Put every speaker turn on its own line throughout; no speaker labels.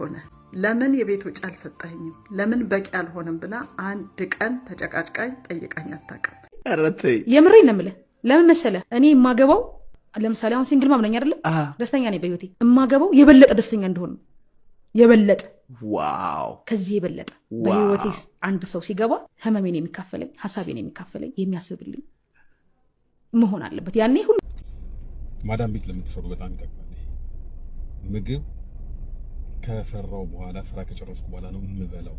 ሆነ ለምን የቤት ወጪ አልሰጠኝም፣ ለምን በቂ አልሆንም ብላ አንድ ቀን ተጨቃጭቃኝ ጠይቃኝ አታውቅም። የምሬ ነው የምልህ። ለምን መሰለህ እኔ የማገባው ለምሳሌ አሁን ሲንግል ማምነኝ አይደለ? ደስተኛ ነኝ በህይወቴ። የማገባው የበለጠ ደስተኛ እንደሆነ የበለጠ ዋው፣ ከዚህ የበለጠ በህይወቴ አንድ ሰው ሲገባ ህመሜን የሚካፈለኝ፣ ሀሳቤን የሚካፈለኝ፣ የሚያስብልኝ መሆን አለበት። ያኔ ሁሉ
ማዳም ቤት ለምትሰሩ በጣም ይጠቅማል ምግብ ከሰራው በኋላ ስራ ከጨረስኩ በኋላ ነው የምበላው።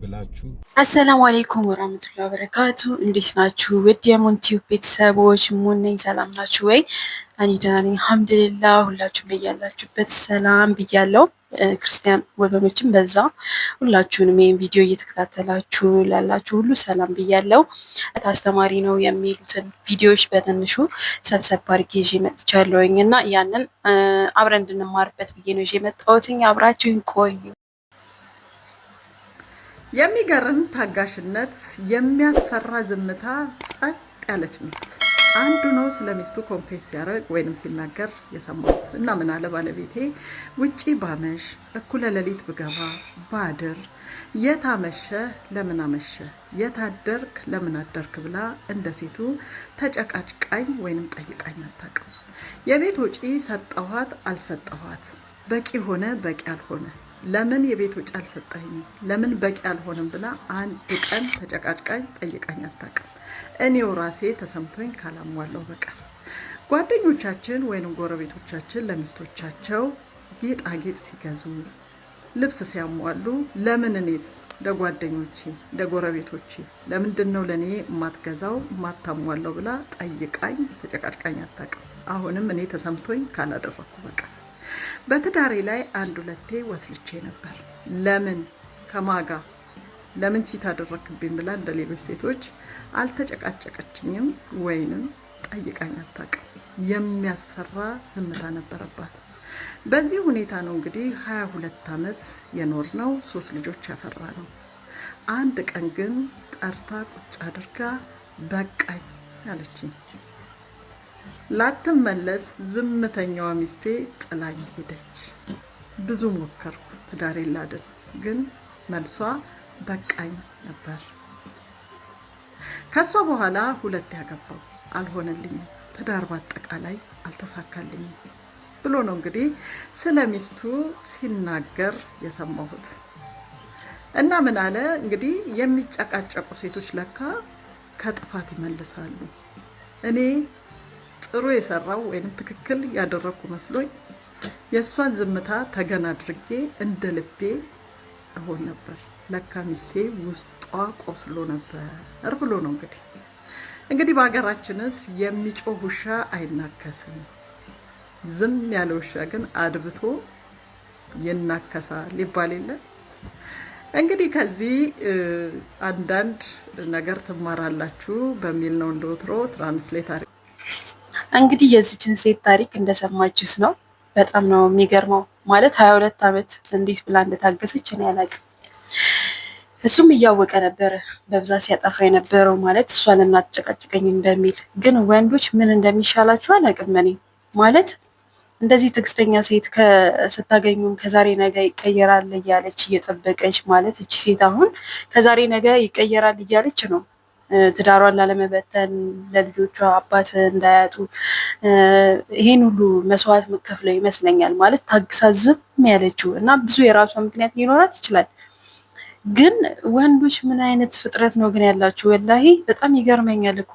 ብላችሁ
አሰላሙ አሌይኩም ወራህመቱላ በረካቱ። እንዴት ናችሁ? ውድ የሙን ቤተሰቦች ሙን ነኝ። ሰላም ናችሁ ወይ? እኔ ደህና ነኝ አልሐምዱሊላ። ሁላችሁም በያላችሁበት ሰላም ብያለው። ክርስቲያን ወገኖችም በዛ ሁላችሁንም ይህን ቪዲዮ እየተከታተላችሁ ላላችሁ ሁሉ ሰላም ብያለው። አስተማሪ ነው የሚሉትን ቪዲዮዎች በትንሹ ሰብሰብ አድርጌ ይዤ መጥቻለሁኝ እና ያንን አብረን እንድንማርበት ብዬ ነው ይዤ መጣሁትኝ። አብራችሁን ቆዩ የሚገርም ታጋሽነት፣ የሚያስፈራ ዝምታ፣ ጸጥ ያለች ሚስት። አንዱ ነው ስለ ሚስቱ ኮንፌስ ሲያደርግ ወይንም ሲናገር የሰማሁት እና ምን አለ ባለቤቴ፣ ውጪ ባመሽ፣ እኩለ ሌሊት ብገባ ባድር፣ የታመሸ ለምን አመሸ፣ የታደርክ ለምን አደርክ ብላ እንደ ሴቱ ተጨቃጭቃኝ ወይንም ጠይቃኝ አታውቅም። የቤት ውጪ ሰጠኋት አልሰጠኋት፣ በቂ ሆነ በቂ አልሆነ ለምን የቤት ወጪ አልሰጠኝ ለምን በቂ አልሆንም ብላ አንድ ቀን ተጨቃጭቃኝ ጠይቃኝ አታውቅም። እኔው ራሴ ተሰምቶኝ ካላሟለሁ በቀር ጓደኞቻችን ወይንም ጎረቤቶቻችን ለሚስቶቻቸው ጌጣጌጥ ሲገዙ ልብስ ሲያሟሉ ለምን እኔስ ለጓደኞቼ ለጎረቤቶቼ ለምንድን ነው ለእኔ የማትገዛው የማታሟለው ብላ ጠይቃኝ ተጨቃጭቃኝ አታውቅም። አሁንም እኔ ተሰምቶኝ ካላደረኩ በቃ በትዳሬ ላይ አንድ ሁለቴ ወስልቼ ነበር። ለምን ከማጋ ለምን ቺት አደረክብኝ ብላ እንደ ሌሎች ሴቶች አልተጨቃጨቀችኝም ወይንም ጠይቃኝ አታውቅም። የሚያስፈራ ዝምታ ነበረባት። በዚህ ሁኔታ ነው እንግዲህ ሀያ ሁለት ዓመት የኖር ነው ሶስት ልጆች ያፈራ ነው። አንድ ቀን ግን ጠርታ ቁጭ አድርጋ በቃኝ አለችኝ። ላትመለስ ዝምተኛዋ ሚስቴ ጥላኝ ሄደች። ብዙ ሞከርኩ ትዳሬን ላድን፣ ግን መልሷ በቃኝ ነበር። ከእሷ በኋላ ሁለት ያገባው አልሆነልኝም፣ ትዳር በአጠቃላይ አልተሳካልኝም ብሎ ነው እንግዲህ ስለ ሚስቱ ሲናገር የሰማሁት። እና ምን አለ እንግዲህ የሚጨቃጨቁ ሴቶች ለካ ከጥፋት ይመልሳሉ። እኔ ጥሩ የሰራው ወይም ትክክል ያደረግኩ መስሎኝ የእሷን ዝምታ ተገን አድርጌ እንደ ልቤ እሆን ነበር። ለካ ሚስቴ ውስጧ ቆስሎ ነበር ብሎ ነው እንግዲህ እንግዲህ በሀገራችንስ የሚጮህ ውሻ አይናከስም፣ ዝም ያለ ውሻ ግን አድብቶ ይናከሳል ይባል የለ። እንግዲህ ከዚህ አንዳንድ ነገር ትማራላችሁ በሚል ነው እንደወትሮ ትራንስሌት እንግዲህ የዚችን ሴት ታሪክ እንደሰማችሁስ ነው። በጣም ነው የሚገርመው። ማለት ሀያ ሁለት ዓመት እንዴት ብላ እንደታገሰች እኔ አላቅም። እሱም እያወቀ ነበረ በብዛት ሲያጠፋ የነበረው ማለት እሷ ለምን በሚል ግን ወንዶች ምን እንደሚሻላቸው አላቅም እኔ ማለት እንደዚህ ትዕግስተኛ ሴት ስታገኙም ከዛሬ ነገ ይቀየራል እያለች እየጠበቀች ማለት እቺ ሴት አሁን ከዛሬ ነገ ይቀየራል እያለች ነው ትዳሯን ላለመበተን ለልጆቿ አባት እንዳያጡ ይሄን ሁሉ መስዋዕት መከፍለው ይመስለኛል። ማለት ታግሳ ዝም ያለችው እና ብዙ የራሷ ምክንያት ሊኖራት ይችላል። ግን ወንዶች ምን አይነት ፍጥረት ነው ግን ያላችሁ? ወላሂ በጣም ይገርመኛል እኮ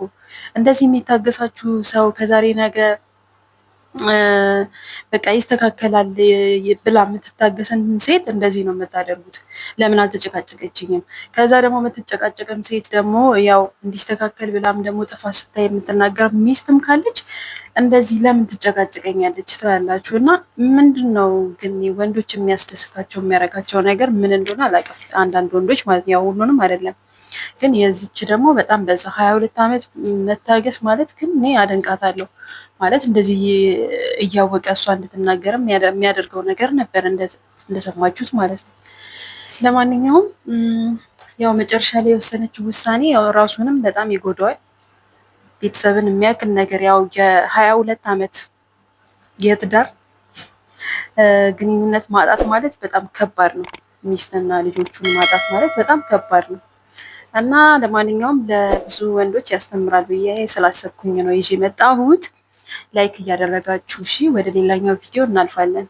እንደዚህ የሚታገሳችሁ ሰው ከዛሬ ነገ በቃ ይስተካከላል ብላ የምትታገሰን ሴት እንደዚህ ነው የምታደርጉት። ለምን አልተጨቃጨቀችኝም? ከዛ ደግሞ የምትጨቃጨቅም ሴት ደግሞ ያው እንዲስተካከል ብላም ደግሞ ጥፋት ስታይ የምትናገር ሚስትም ካለች እንደዚህ ለምን ትጨቃጨቀኛለች ትላላችሁ። እና ምንድን ነው ግን ወንዶች የሚያስደስታቸው የሚያረጋቸው ነገር ምን እንደሆነ አላውቅም። አንዳንድ ወንዶች ማለት ያው ሁሉንም አይደለም ግን የዚች ደግሞ በጣም በዛ ሀያ ሁለት ዓመት መታገስ ማለት ግን እኔ አደንቃታለሁ ማለት እንደዚህ እያወቀ እሷ እንድትናገርም የሚያደርገው ነገር ነበር እንደሰማችሁት ማለት ነው። ለማንኛውም ያው መጨረሻ ላይ የወሰነችው ውሳኔ ያው ራሱንም በጣም ይጎዳዋል። ቤተሰብን የሚያክል ነገር ያው የሀያ ሁለት ዓመት የትዳር ግንኙነት ማጣት ማለት በጣም ከባድ ነው። ሚስትና ልጆቹን ማጣት ማለት በጣም ከባድ ነው። እና ለማንኛውም ለብዙ ወንዶች ያስተምራል ብዬ ስላሰብኩኝ ነው ይዤ መጣሁት። ላይክ እያደረጋችሁ እሺ፣ ወደ ሌላኛው ቪዲዮ እናልፋለን።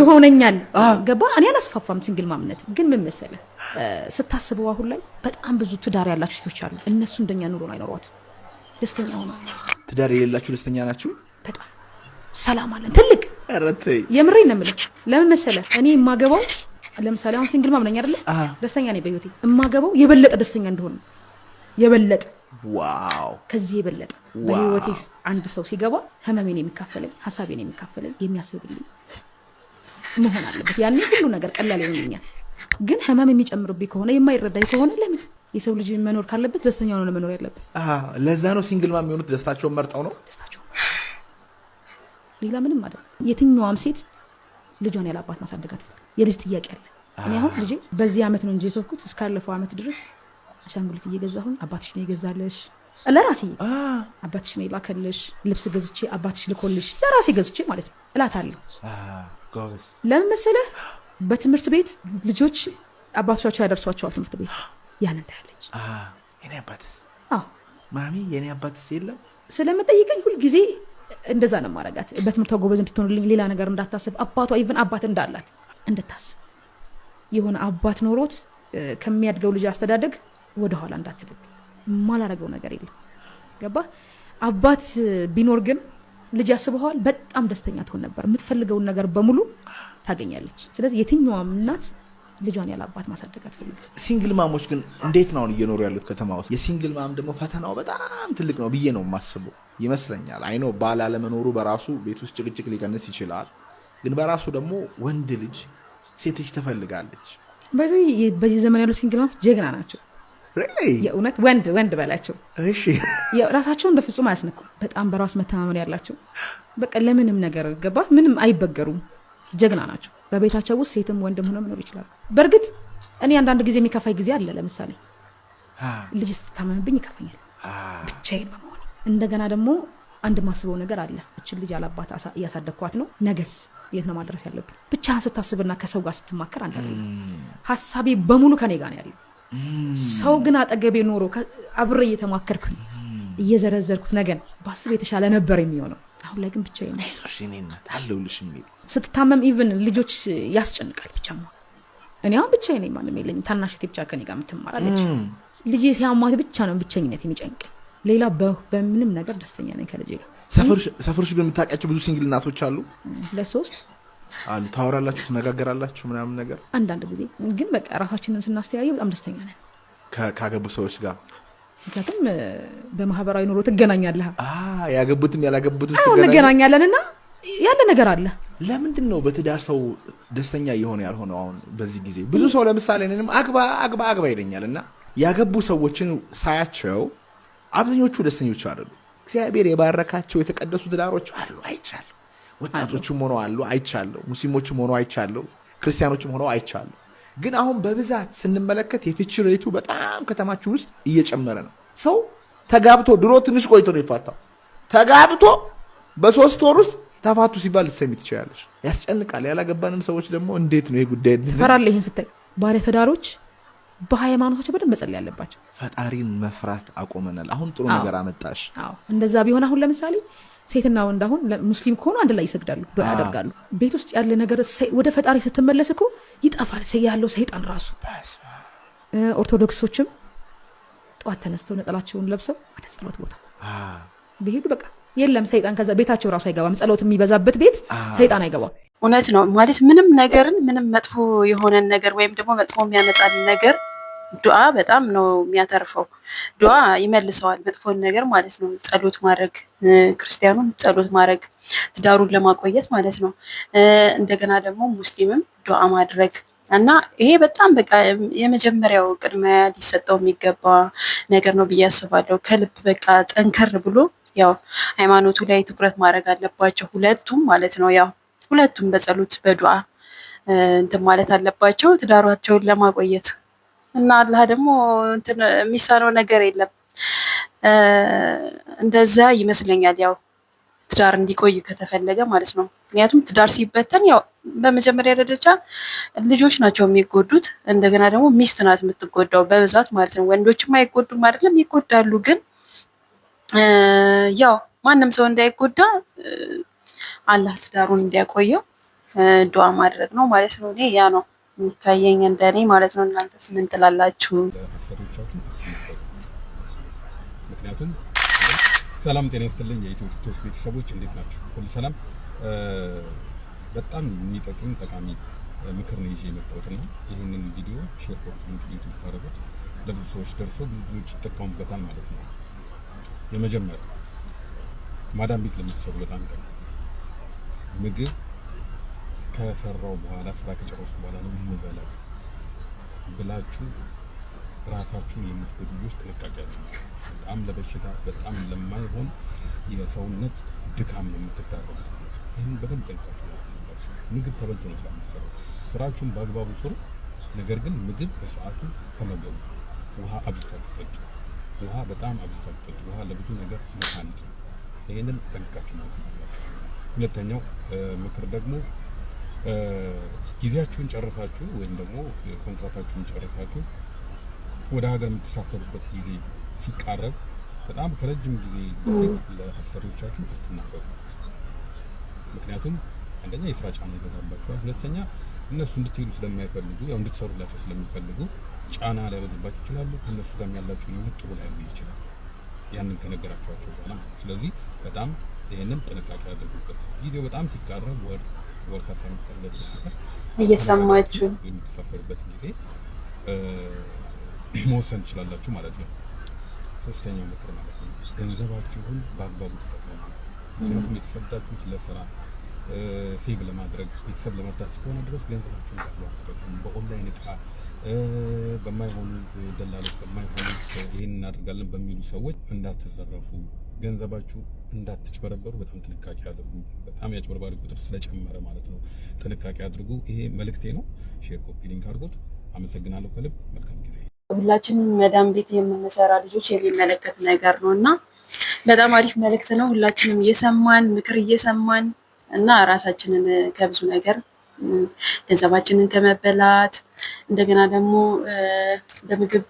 ይሆነኛል ገባ። እኔ አላስፋፋም። ሲንግል ማምነት ግን ምን መሰለ፣ ስታስበው፣ አሁን ላይ በጣም ብዙ ትዳር ያላችሁ ሴቶች አሉ። እነሱ እንደኛ ኑሮን አይኖሯት ደስተኛ ሆነ።
ትዳር የሌላችሁ ደስተኛ ናችሁ። በጣም
ሰላም አለን። ትልቅ የምሬ ነው የምልህ። ለምን መሰለ እኔ የማገባው ለምሳሌ አሁን ሲንግል ማም ነኝ አይደለ? ደስተኛ ነኝ በህይወቴ። እማገባው የበለጠ ደስተኛ እንደሆነ የበለጠ ዋው፣ ከዚህ የበለጠ በህይወቴ አንድ ሰው ሲገባ ህመሜን የሚካፈለኝ ሀሳቤን የሚካፈለኝ የሚያስብልኝ መሆን አለበት። ያኔ ሁሉ ነገር ቀላል ይሆንልኛል። ግን ህመም የሚጨምርብኝ ከሆነ የማይረዳኝ ከሆነ ለምን የሰው ልጅ መኖር ካለበት ደስተኛ ሆነ መኖር ያለበት።
ለዛ ነው ሲንግል ማም የሚሆኑት። ደስታቸውን መርጠው ነው ደስታቸው
ሌላ ምንም አይደለም። የትኛዋም ሴት ልጇን ያላባት ማሳደግ አትፈልግም። የልጅ ጥያቄ አለ። እኔ አሁን ልጅ በዚህ ዓመት ነው እንጂ የተወኩት እስካለፈው ዓመት ድረስ አሻንጉሊት እየገዛሁኝ አባትሽ ነው የገዛለሽ ለራሴ አባትሽ ነው የላከልሽ ልብስ ገዝቼ አባትሽ ልኮልሽ ለራሴ ገዝቼ ማለት ነው እላታለሁ። ለምን መሰለህ? በትምህርት ቤት ልጆች አባቶቻቸው ያደርሷቸዋል ትምህርት ቤት ያንን ታያለች።
የኔ አባትስ ማሚ የኔ አባትስ የለም
ስለምጠይቀኝ ሁልጊዜ እንደዛ ነው ማረጋት። በትምህርቷ ጎበዝ እንድትሆንልኝ ሌላ ነገር እንዳታስብ አባቷ ኢቨን አባት እንዳላት እንድታስብ የሆነ አባት ኖሮት ከሚያድገው ልጅ አስተዳደግ ወደኋላ እንዳትል የማላረገው ነገር የለም። ገባ አባት ቢኖር ግን ልጅ ያስበዋል። በጣም ደስተኛ ትሆን ነበር። የምትፈልገውን ነገር በሙሉ ታገኛለች። ስለዚህ የትኛዋም እናት ልጇን ያለ አባት ማሳደግ አትፈልግም።
ሲንግል ማሞች ግን እንዴት ነው አሁን እየኖሩ ያሉት ከተማ ውስጥ? የሲንግል ማም ደግሞ ፈተናው በጣም ትልቅ ነው ብዬ ነው የማስበው ይመስለኛል። አይኖ ባል አለመኖሩ በራሱ ቤት ውስጥ ጭቅጭቅ ሊቀንስ ይችላል። ግን በራሱ ደግሞ ወንድ ልጅ ሴት ልጅ ተፈልጋለች።
በዚህ ዘመን ያሉ ሲንግል ጀግና ናቸው። የእውነት ወንድ ወንድ በላቸው። ራሳቸውን በፍጹም አያስነኩም። በጣም በራስ መተማመን ያላቸው በቃ ለምንም ነገር ገባ ምንም አይበገሩም። ጀግና ናቸው። በቤታቸው ውስጥ ሴትም ወንድም ሆነ መኖር ይችላሉ። በእርግጥ እኔ አንዳንድ ጊዜ የሚከፋኝ ጊዜ አለ። ለምሳሌ ልጅ ስትታመምብኝ ይከፋኛል፣ ብቻዬን በመሆን እንደገና ደግሞ አንድ ማስበው ነገር አለ። እችን ልጅ አላባት እያሳደግኳት ነው ነገስ የት ነው ማድረስ ያለብኝ? ብቻህን ስታስብና ከሰው ጋር ስትማከር አንድ ሀሳቤ በሙሉ ከኔ ጋር ያለ ሰው ግን አጠገቤ ኖሮ አብሬ እየተማከርኩ እየዘረዘርኩት ነገን በአስብ የተሻለ ነበር የሚሆነው። አሁን ላይ ግን ብቻ ስትታመም ኢቭን ልጆች ያስጨንቃል። ብቻ እኔ አሁን ብቻ ነኝ፣ ማንም የለኝም። ታናሽቴ ብቻ ከኔ ጋር የምትማራለች። ልጅ ሲያማት ብቻ ነው ብቸኝነት የሚጨንቅ። ሌላ በምንም ነገር ደስተኛ ነኝ ከልጅ ጋር
ሰፈርሽ ግን የምታውቂያቸው ብዙ ሲንግል እናቶች አሉ። ለሶስት አሉ። ታወራላችሁ፣ ትነጋገራላችሁ ምናምን ነገር።
አንዳንድ ጊዜ ግን በቃ ራሳችንን ስናስተያየው በጣም ደስተኛ ነን
ካገቡ ሰዎች ጋር
ምክንያቱም በማህበራዊ ኑሮ ትገናኛለህ፣
ያገቡትም ያላገቡትም
እንገናኛለን እና ያለ ነገር አለ።
ለምንድን ነው በትዳር ሰው ደስተኛ የሆነ ያልሆነው? አሁን በዚህ ጊዜ ብዙ ሰው ለምሳሌ እኔንም አግባ አግባ አግባ ይለኛል እና ያገቡ ሰዎችን ሳያቸው አብዛኞቹ ደስተኞች አይደሉም። እግዚአብሔር የባረካቸው የተቀደሱ ትዳሮች አሉ አይቻለሁ። ወጣቶችም ሆነው አሉ አይቻለሁ። ሙስሊሞችም ሆነው አይቻለሁ። ክርስቲያኖችም ሆነው አይቻለሁ። ግን አሁን በብዛት ስንመለከት የፍቺ ሬቱ በጣም ከተማችን ውስጥ እየጨመረ ነው። ሰው ተጋብቶ ድሮ ትንሽ ቆይቶ ነው ይፋታው። ተጋብቶ በሶስት ወር ውስጥ ተፋቱ ሲባል ልትሰሚ ትችላለች። ያስጨንቃል። ያላገባንም ሰዎች ደግሞ እንዴት ነው ይህ ጉዳይ?
ትፈራለህ ይህን ስታይ ባለ ትዳሮች በሃይማኖቶች በደንብ መጸለይ ያለባቸው።
ፈጣሪን መፍራት አቆመናል። አሁን ጥሩ ነገር አመጣሽ።
እንደዛ ቢሆን አሁን ለምሳሌ ሴትና ወንድ አሁን ሙስሊም ከሆኑ አንድ ላይ ይሰግዳሉ፣ ዱዓ ያደርጋሉ። ቤት ውስጥ ያለ ነገር ወደ ፈጣሪ ስትመለስ እኮ ይጠፋል ያለው ሰይጣን ራሱ። ኦርቶዶክሶችም ጠዋት ተነስተው ነጠላቸውን ለብሰው ወደ ጸሎት ቦታ ቢሄዱ በቃ የለም ሰይጣን ከዛ ቤታቸው ራሱ አይገባም። ጸሎት የሚበዛበት ቤት ሰይጣን አይገባም። እውነት ነው ማለት ምንም ነገርን ምንም መጥፎ የሆነን ነገር ወይም ደግሞ መጥፎ የሚያመጣልን ነገር ዱዓ በጣም ነው የሚያተርፈው። ዱዓ ይመልሰዋል መጥፎን ነገር ማለት ነው። ጸሎት ማድረግ ክርስቲያኑም ጸሎት ማድረግ ትዳሩን ለማቆየት ማለት ነው። እንደገና ደግሞ ሙስሊምም ዱዓ ማድረግ እና ይሄ በጣም በቃ የመጀመሪያው ቅድሚያ ሊሰጠው የሚገባ ነገር ነው ብዬ አስባለሁ። ከልብ በቃ ጠንከር ብሎ ያው ሃይማኖቱ ላይ ትኩረት ማድረግ አለባቸው ሁለቱም ማለት ነው። ያው ሁለቱም በጸሎት በዱዓ እንትን ማለት አለባቸው ትዳሯቸውን ለማቆየት እና አላህ ደግሞ እንትን የሚሳነው ነገር የለም። እንደዛ ይመስለኛል ያው ትዳር እንዲቆይ ከተፈለገ ማለት ነው። ምክንያቱም ትዳር ሲበተን ያው በመጀመሪያ ደረጃ ልጆች ናቸው የሚጎዱት፣ እንደገና ደግሞ ሚስት ናት የምትጎዳው በብዛት ማለት ነው። ወንዶችም አይጎዱም አይደለም ይጎዳሉ፣ ግን ያው ማንም ሰው እንዳይጎዳ አላህ ትዳሩን እንዲያቆየው ዱዓ ማድረግ ነው ማለት ነው። እኔ ያ ነው የሚታየኝ እንደኔ ማለት ነው። እናንተስ ምን ትላላችሁ?
ምክንያቱም ሰላም ጤና ይስጥልኝ የኢትዮ ቲክቶክ ቤተሰቦች እንዴት ናቸው? ሁሉ ሰላም። በጣም የሚጠቅም ጠቃሚ ምክር ነው ይዤ የመጣሁት እና ይህንን ቪዲዮ ሼር ኮርት ዩቲዩብ ታደረጉት ለብዙ ሰዎች ደርሶ ብዙ ብዙዎች ይጠቀሙበታል ማለት ነው። የመጀመሪያ ማዳም ቤት ለምትሰሩ በጣም ጠ ምግብ ከሰራው በኋላ ስራ ከጨረስኩ በኋላ ነው የምበላው ብላችሁ ራሳችሁ የምትጎዱ ልጆች ጥንቃቄ ያለ በጣም ለበሽታ በጣም ለማይሆን የሰውነት ድካም ነው የምትዳረጉት። ይህን በደንብ ጠንቃችሁ ያለባችሁ። ምግብ ተበልቶ ነው ስራ የምትሰራው። ስራችሁን በአግባቡ ስሩ። ነገር ግን ምግብ በሰዓቱ ተመገቡ። ውሃ አብዝታችሁ ጠጡ። ውሃ በጣም አብዝታችሁ ጠጡ። ውሃ ለብዙ ነገር መድኃኒት ነው። ይህንን ጠንቅቃችሁ ማለት ነው። ሁለተኛው ምክር ደግሞ ጊዜያችሁን ጨርሳችሁ ወይም ደግሞ ኮንትራታችሁን ጨርሳችሁ ወደ ሀገር የምትሳፈሩበት ጊዜ ሲቃረብ በጣም ከረጅም ጊዜ በፊት ለአሰሪዎቻችሁ አትናገሩ። ምክንያቱም አንደኛ የስራ ጫና ይበዛባቸዋል፣ ሁለተኛ እነሱ እንድትሄዱ ስለማይፈልጉ ያው እንድትሰሩላቸው ስለሚፈልጉ ጫና ሊያበዙባቸው ይችላሉ። ከእነሱ ጋር ያላቸው ነው ጥሩ ላይ ይችላል ያንን ከነገራቸኋቸው በኋላ። ስለዚህ በጣም ይህንን ጥንቃቄ አድርጉበት። ጊዜው በጣም ሲቃረብ ወር በርካታ ዓመት ካለበት ሰፈር
እየሰማችሁ
የምትሳፈሩበት ጊዜ መወሰን ትችላላችሁ ማለት ነው። ሶስተኛው ምክር ማለት ነው ገንዘባችሁን በአግባቡ ተጠቀሙ። ምክንያቱም የተሰዳችሁት ለስራ ሴቭ ለማድረግ ቤተሰብ ለመርዳት እስከሆነ ድረስ ገንዘባችሁን በአግባቡ ተጠቀሙ። በኦንላይን እቃ በማይሆኑ ደላሎች በማይሆኑ ይህን እናደርጋለን በሚሉ ሰዎች እንዳትዘረፉ ገንዘባችሁ እንዳትጭበረበሩ በጣም ጥንቃቄ አድርጉ። በጣም ያጭበርባሪ ቁጥር ስለጨመረ ማለት ነው። ጥንቃቄ አድርጉ። ይሄ መልእክቴ ነው። ሼር፣ ኮፒ ሊንክ አድርጉት። አመሰግናለሁ ከልብ። መልካም ጊዜ።
ሁላችንም መዳም ቤት የምንሰራ ልጆች የሚመለከት ነገር ነው እና በጣም አሪፍ መልእክት ነው። ሁላችንም እየሰማን ምክር እየሰማን እና ራሳችንን ከብዙ ነገር ገንዘባችንን ከመበላት እንደገና ደግሞ በምግብ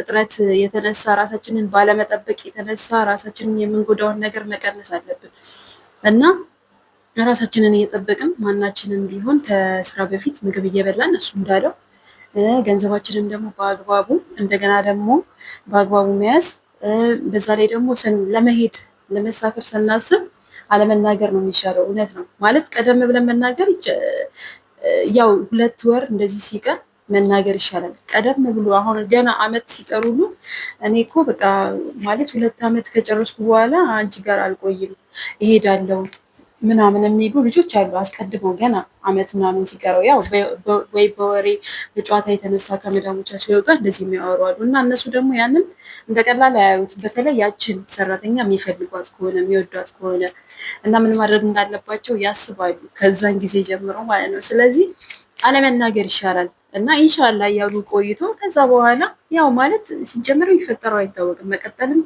እጥረት የተነሳ ራሳችንን ባለመጠበቅ የተነሳ ራሳችንን የምንጎዳውን ነገር መቀነስ አለብን እና ራሳችንን እየጠበቅን ማናችንም ቢሆን ከስራ በፊት ምግብ እየበላን እሱ እንዳለው ገንዘባችንም ደግሞ በአግባቡ እንደገና ደግሞ በአግባቡ መያዝ በዛ ላይ ደግሞ ለመሄድ ለመሳፈር ስናስብ አለመናገር ነው የሚሻለው። እውነት ነው ማለት ቀደም ብለን መናገር ያው ሁለት ወር እንደዚህ ሲቀር መናገር ይሻላል። ቀደም ብሎ አሁን ገና አመት ሲቀሩሉ ሁሉ እኔ እኮ በቃ ማለት ሁለት አመት ከጨረስኩ በኋላ አንቺ ጋር አልቆይም ይሄዳለው ምናምን የሚሉ ልጆች አሉ። አስቀድመው ገና አመት ምናምን ሲቀረው ያው ወይ በወሬ በጨዋታ የተነሳ ከመዳሞቻቸው ጋር እንደዚህ የሚያወሩ አሉ። እና እነሱ ደግሞ ያንን እንደቀላል አያዩት። በተለይ ያችን ሰራተኛ የሚፈልጓት ከሆነ የሚወዷት ከሆነ እና ምን ማድረግ እንዳለባቸው ያስባሉ ከዛን ጊዜ ጀምሮ ማለት ነው። ስለዚህ አለመናገር ይሻላል። እና ኢንሻላ እያሉ ቆይቶ ከዛ በኋላ ያው ማለት ሲጀምር የሚፈጠረው አይታወቅም። መቀጠልም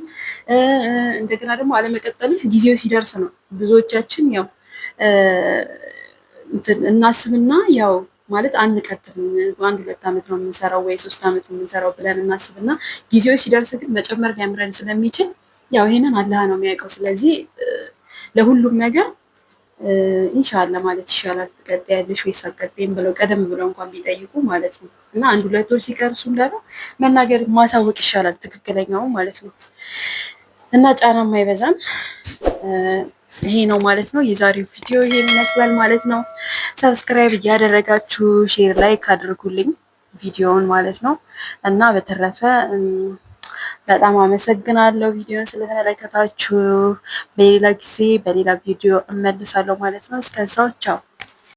እንደገና ደግሞ አለመቀጠልም ጊዜው ሲደርስ ነው። ብዙዎቻችን ያው እናስብና ያው ማለት አንቀጥልም። አንድ ሁለት ዓመት ነው የምንሰራው ወይ ሶስት ዓመት ነው የምንሰራው ብለን እናስብና ጊዜው ሲደርስ ግን መጨመር ሊያምረን ስለሚችል ያው ይሄንን አላህ ነው የሚያውቀው። ስለዚህ ለሁሉም ነገር ኢንሻላ ማለት ይሻላል። ትቀጥያለሽ ወይ አትቀጥይም ብለው ቀደም ብለው እንኳን ቢጠይቁ ማለት ነው። እና አንድ ሁለት ወር ሲቀር እሱ መናገር ማሳወቅ ይሻላል፣ ትክክለኛው ማለት ነው። እና ጫናም አይበዛም። ይሄ ነው ማለት ነው። የዛሬው ቪዲዮ ይሄን ይመስላል ማለት ነው። ሰብስክራይብ እያደረጋችሁ ሼር ላይ ካደርጉልኝ ቪዲዮውን ማለት ነው። እና በተረፈ በጣም አመሰግናለሁ ቪዲዮን ስለተመለከታችሁ። በሌላ ጊዜ በሌላ ቪዲዮ እመልሳለሁ ማለት ነው። እስከዛው ቻው።